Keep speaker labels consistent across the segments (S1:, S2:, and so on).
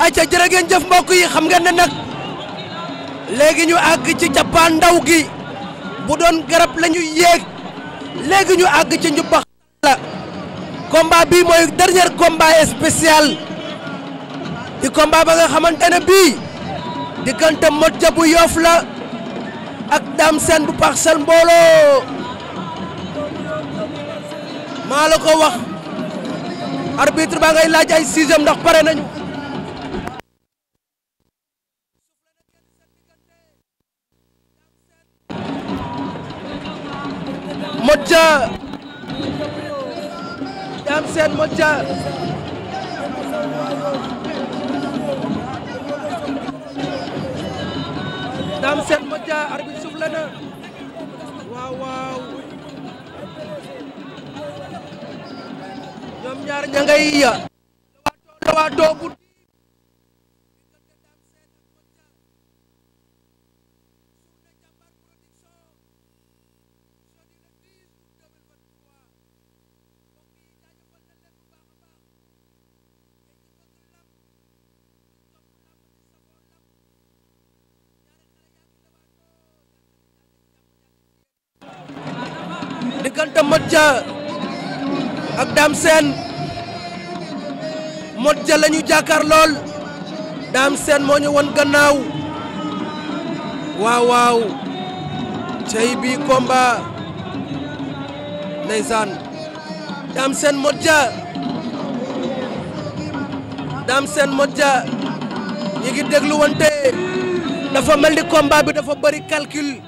S1: acca jërë ngeen jëf mbokk yi xam ngeen ne nag léegi ñu àgg ci cappaan gi bu doon garab la ñuy yéeg léegi ñu àgg ci ñu bax la combat bii mooy dernier combat spécial di combat ba nga xamante ne bii diggante Modja bu Yoff la ak Dame Sène bu Parcelles Mbooloo maa la ko wax arbitre ba ngay laaj ay sixième ndax pare nañu Modja Dame Sène Modja Dame Sène Modja arbitre souffle na waaw ñoom ñaar ña ya diggante Mod Dia ak Dame Sène Mod Dia la ñu jàkkaar lool Dame gannaaw waaw waaw cey bi combat ndeysaan Dame Sène Mod Dia Dame Sène Mod Dia ñi ngi déglu dafa mel ni combat bi dafa bari calcul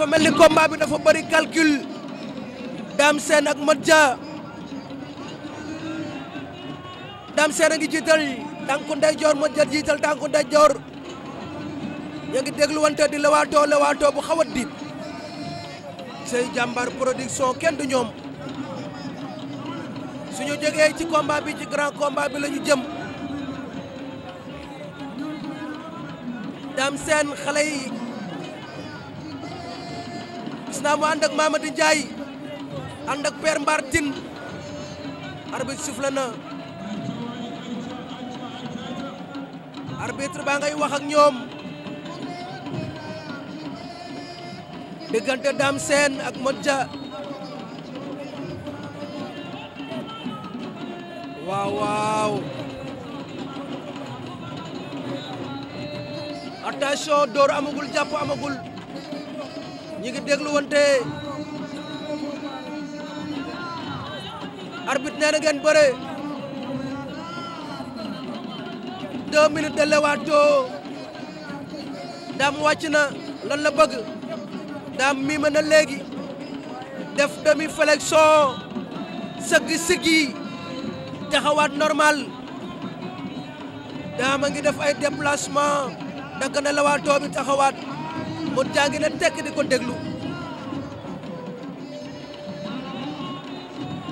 S1: dafa mel ni combat bi dafa bari calcul Dame ak Mat Dia Dame Sène a ngi jiital tànku ndeyjoor Mat Dia jiital tànku ndeyjoor ñu ngi dégluwante di lewaatoo lewaatoo bu xaw a diit say jàmbaar production kenn du ñoom suñu jógee ci combat bi ci grand combat bi la jëm gis naa mu ànd ak Mamadi Ndiaye ànd ak Père Mbar Tine arbitre soufflé na arbitre baa ngay ak ñoom diggante Dame Sène ak Modja waaw waaw attention door jàpp ñi ngi déglu wante arbitre nee na ngeen bëre deux minutes de wàcc na lan la bëgg daam miime na léegi def demi flexion sëggi siggi taxawaat normal daam ngi def ay déplacement dagg na lewaatoo bi taxawaat Mod ngi ne tekk di ko déglu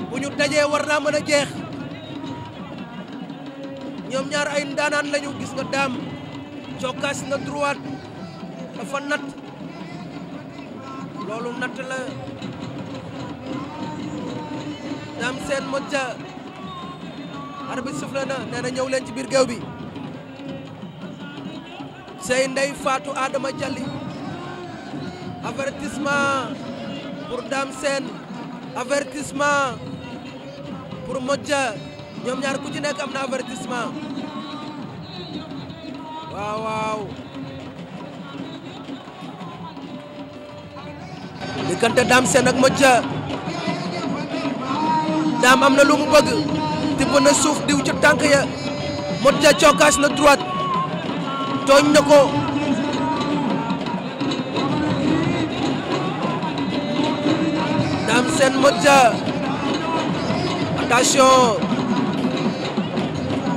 S1: bu ñu dajee war naa mën a jeex ñoom ñaar ay ndaanaan lañu gis nga daam cokkaas na droit dafa nat loolu natt la daam seen Mod Dia arbitre soufflé na nee na ñëw leen ci biir géew bi sey ndey faatu aadama Jalli avertissement pour Dame Sène avertissement pour Modja ñoom ñaar ku ci nekk am na avertissement waaw waaw diggante Dame Sène ak Modja Dame am na lu mu bëgg tibb na suuf diw ci tànk ya Modja cokkaas na droite tooñ na ko seen mot ja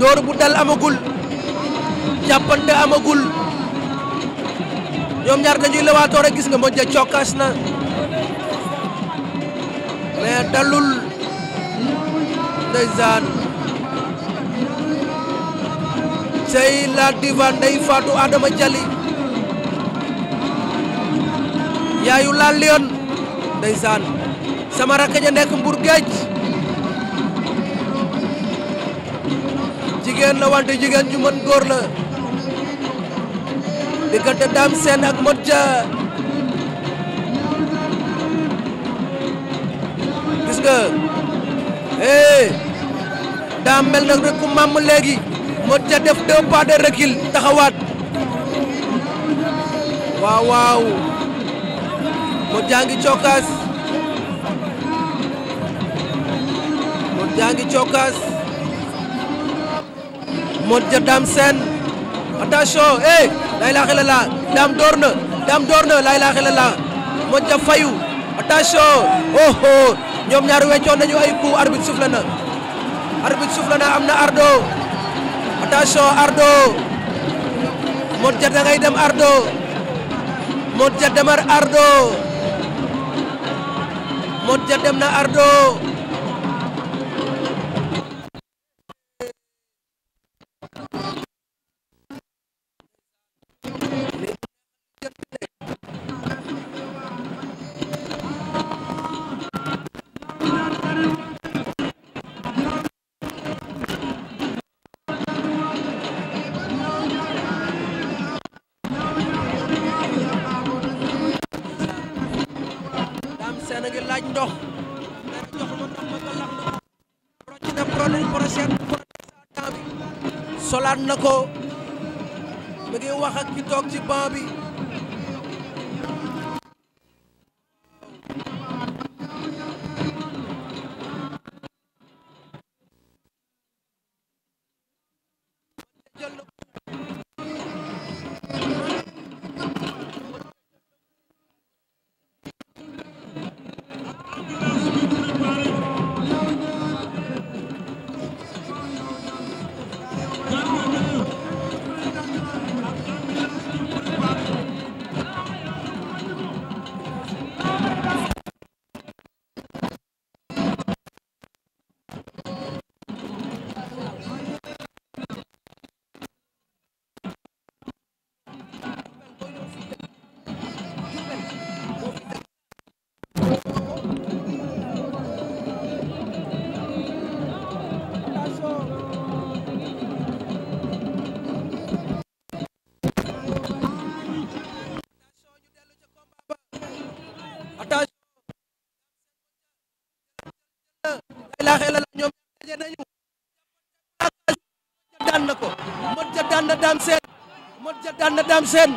S1: door bu dal amagul jàppante amagul ñoom ñaar dañuy lewaatoo rek gis nga mot ja na mais dalul ndeysaan cey la diva ndey Fatou Adama Jali yaayu la lion ndeysaan sama rakk ja nekk Mbour géej jigéen la wante jigéen ju góor la diggante Dame Sène ak Modou Dia gis nga mel na rek ku màmm léegi Modou def deux pas de recul waaw waaw Modou ngi cokkaas. yaa ngi cokkaas ja Dame Sène attention eh lay laa xelal na Dame door na lay laa ja fayu attention oh oh ñoom ñaar weccoon nañu ay coup arbitre soufflé na arbitre soufflé na am na ardo attention ardo Mod ja da ngay dem ardo Mod ja demar ardo Mod ja dem na ardo laaj ndox na rocc bi solaat wax ak ki ci banc bi nañu daan na ko mot ja daan na daam seen mot ja daan na daam seen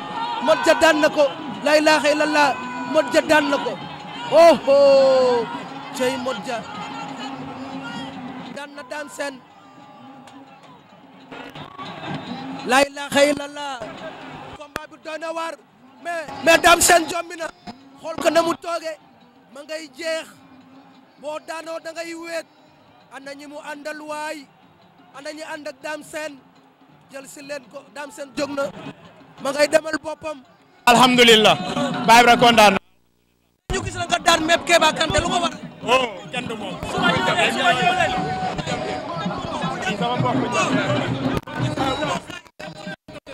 S1: mot ja daan na ko laa ilaaha illallah mot ja daan na ko oho cey mot ja na daam seen laa ilaaha illallah combat waar mais mais jombi na xool ko na mu tooge ma ngay jeex boo daanoo da ngay wéet ana ñi mu àndal waay ana ñi ànd ak jël si leen ko Dame Sène jóg na ma demal boppam. alhamdulilah. Baye Ibra kontaan. ñu gis la nga daan mépp Keba Kanté lu oh,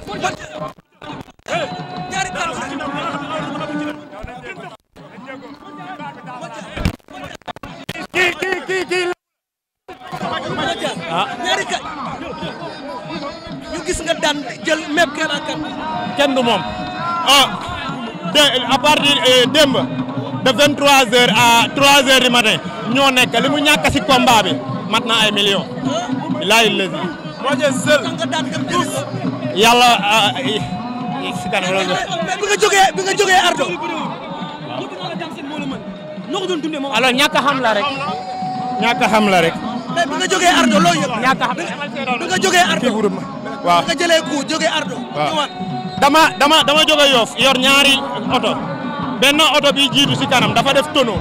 S1: ma ñëwee bëri kay ñu gis nga daan jël même kenn du moom ah de à partir euh, démb de 23h à 3h du matin ñoo nekk li mu ñàkk si combat bi mat na ay millions. bilaay lazi. moo jël seul yàlla ah, si kanam loolu bi bi nga jógee Ardo. alors ñàkk a la rek. ñàkk a xam la rek. mais bi nga jógee Ardo loo yëg. bi nga waaw bi nga jëlee ku jógee Ardo. dama dama dama jógee Yoff yor ñaari oto benn oto bi jiitu si kanam dafa def tonneau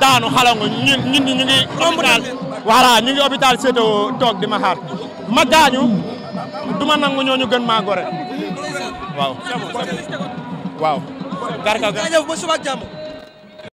S1: daanu xalangu ñun ñun ñu ngi. hôpital voilà ñu ngi toog di ma xaar ma gaañu duma nangu ñooñu gën maa gore waaw.